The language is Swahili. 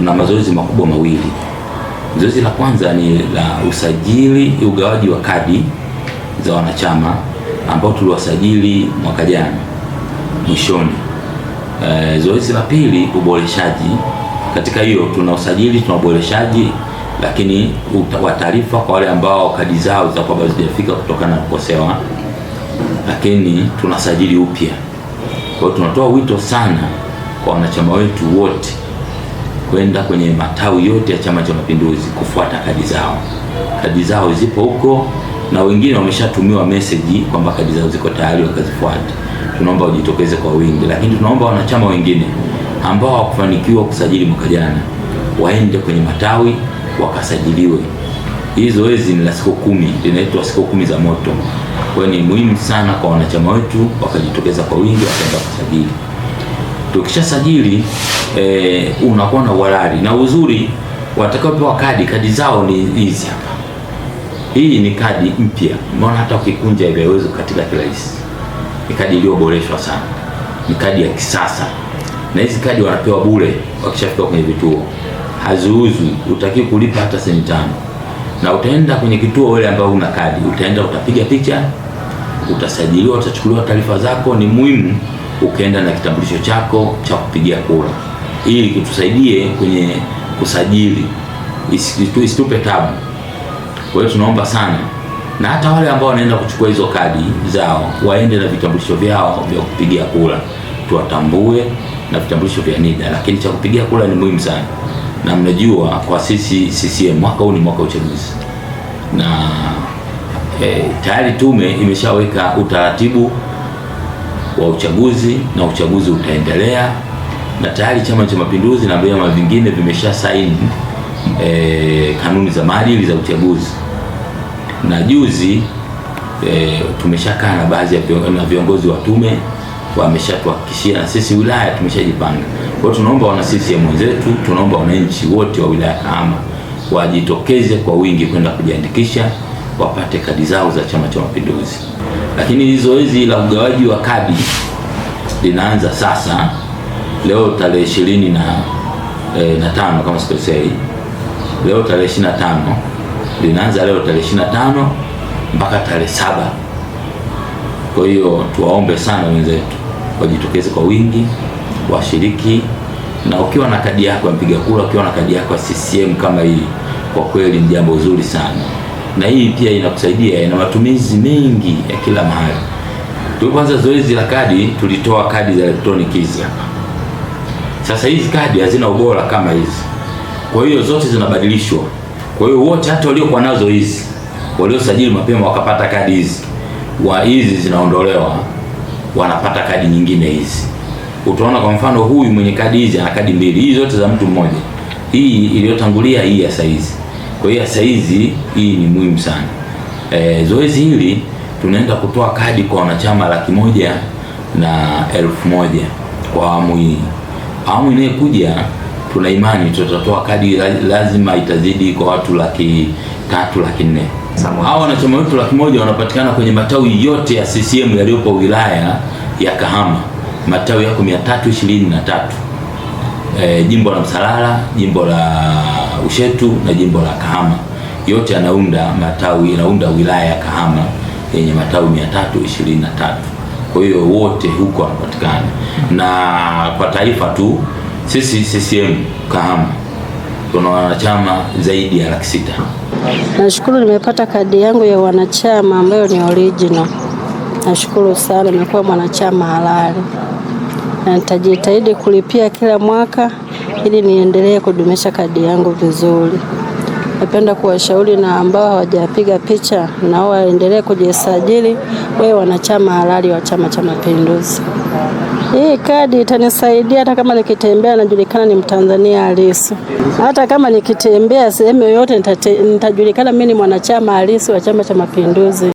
tuna mazoezi makubwa mawili. Zoezi la kwanza ni la usajili, ugawaji wa kadi za wanachama ambao tuliwasajili mwaka jana mwishoni. E, zoezi la pili uboreshaji. Katika hiyo tuna usajili, tuna uboreshaji, lakini wa taarifa kwa wale ambao kadi zao zitakuwa bado hazijafika kutokana na kukosewa, lakini tunasajili upya. Kwa hiyo tunatoa wito sana kwa wanachama wetu wote kwenda kwenye matawi yote ya Chama cha Mapinduzi kufuata kadi zao. Kadi zao zipo huko na wengine wameshatumiwa message kwamba kadi zao ziko tayari wakazifuata. Tunaomba wajitokeze kwa wingi, lakini tunaomba wanachama wengine ambao hawakufanikiwa kusajili mwaka jana waende kwenye matawi wakasajiliwe. Hii zoezi ni la siku kumi, linaitwa siku kumi za moto. Kwa hiyo ni muhimu sana kwa wanachama wetu wakajitokeza kwa wingi wakaenda kusajili tukisha sajili e, eh, unakuwa na uhalali na uzuri, watakaopewa kadi, kadi zao ni hizi hapa. Hii ni kadi mpya, unaona hata ukikunja ile uwezo katika kirahisi. Ni kadi iliyoboreshwa sana, ni kadi ya kisasa, na hizi kadi wanapewa bure wakishafika kwenye vituo, haziuzwi, utakiwa kulipa hata senti tano. Na utaenda kwenye kituo wale ambao una kadi, utaenda utapiga picha, utasajiliwa, utachukuliwa taarifa zako, ni muhimu ukaenda na kitambulisho chako cha kupigia kura, ili kutusaidie kwenye kusajili, isitupe tabu. Kwa hiyo tunaomba sana, na hata wale ambao wanaenda kuchukua hizo kadi zao waende na vitambulisho vyao vya kupigia kura, tuwatambue na vitambulisho vya NIDA, lakini cha kupigia kura ni muhimu sana, na mnajua kwa sisi CCM mwaka huu ni mwaka uchaguzi na e, tayari tume imeshaweka utaratibu wa uchaguzi na uchaguzi utaendelea, na tayari Chama cha Mapinduzi na vyama vingine vimesha saini e, eh, kanuni za maadili za uchaguzi, na juzi e, eh, tumeshakaa na baadhi ya viongozi wa tume wameshatuhakikishia, na sisi wilaya tumeshajipanga. Kwa hiyo tunaomba wana CCM wenzetu, tunaomba wananchi wote wa wilaya Kahama wajitokeze kwa wingi kwenda kujiandikisha wapate kadi zao za Chama cha Mapinduzi. Lakini zoezi la ugawaji wa kadi linaanza sasa leo tarehe ishirini na, e, na tano kama sikosei, leo tarehe ishirini na tano linaanza leo tarehe ishirini na tano mpaka tarehe saba. Kwa hiyo tuwaombe sana wenzetu wajitokeze kwa wingi, washiriki na ukiwa na kadi yako ya mpiga kura, ukiwa na kadi yako ya CCM kama hii, kwa kweli ni jambo zuri sana na hii pia inakusaidia, ina matumizi mengi ya kila mahali. Tulipoanza zoezi la kadi, tulitoa kadi za electronic hizi hapa. Sasa hizi kadi hazina ubora kama hizi, kwa hiyo zote zinabadilishwa. Kwa hiyo wote hata waliokuwa nazo hizi waliosajili mapema wakapata kadi hizi wa hizi zinaondolewa, wanapata kadi nyingine hizi. Utaona kwa mfano huyu mwenye kadi hizi ana kadi mbili, hizi zote za mtu mmoja, hii iliyotangulia, hii ya saizi kwa hiyo sasa hizi hii ni muhimu sana. E, zoezi hili tunaenda kutoa kadi kwa wanachama laki moja na elfu moja kwa awamu hii. Awamu inayokuja tuna imani tutatoa kadi lazima itazidi kwa watu laki tatu laki nne. Hao wanachama wetu laki moja wanapatikana kwenye matawi yote ya CCM yaliyopo wilaya ya Kahama. Matawi yako mia tatu ishirini na tatu eh, jimbo la Msalala, jimbo la Ushetu na jimbo la Kahama, yote yanaunda matawi, yanaunda wilaya ya Kahama yenye matawi 323. Kwa hiyo wote huko wanapatikana, na kwa taarifa tu sisi CCM Kahama tuna wanachama zaidi ya laki sita. Nashukuru nimepata kadi yangu ya wanachama ambayo ni original. Nashukuru sana, nimekuwa mwanachama halali na nitajitahidi kulipia kila mwaka ili niendelee kudumisha kadi yangu vizuri. Napenda kuwashauri na ambao hawajapiga picha na waendelee kujisajili wewe wanachama halali wa Chama cha Mapinduzi. Hii kadi itanisaidia hata kama nikitembea najulikana ni Mtanzania halisi. Hata kama nikitembea sehemu yoyote nitajulikana mimi ni mwanachama halisi wa Chama cha Mapinduzi.